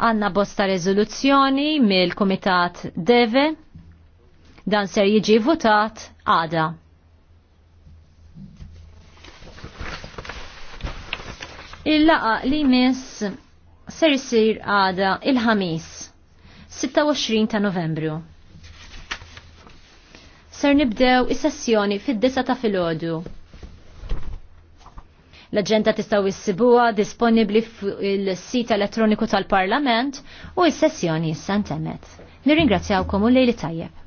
Għanna bosta rezoluzzjoni mill-Komitat Deve dan ser jiġi votat għada. Il-laqa li mis ser jisir għada il-ħamis 26 ta' novembru. Ser nibdew is-sessjoni fid-9 ta' filgħodu. L-agenda tistaw issibuha disponibli fil-sit elettroniku tal-Parlament u s-sessjoni s-santemet. Nirringrazzjawkom u lejli tajjeb.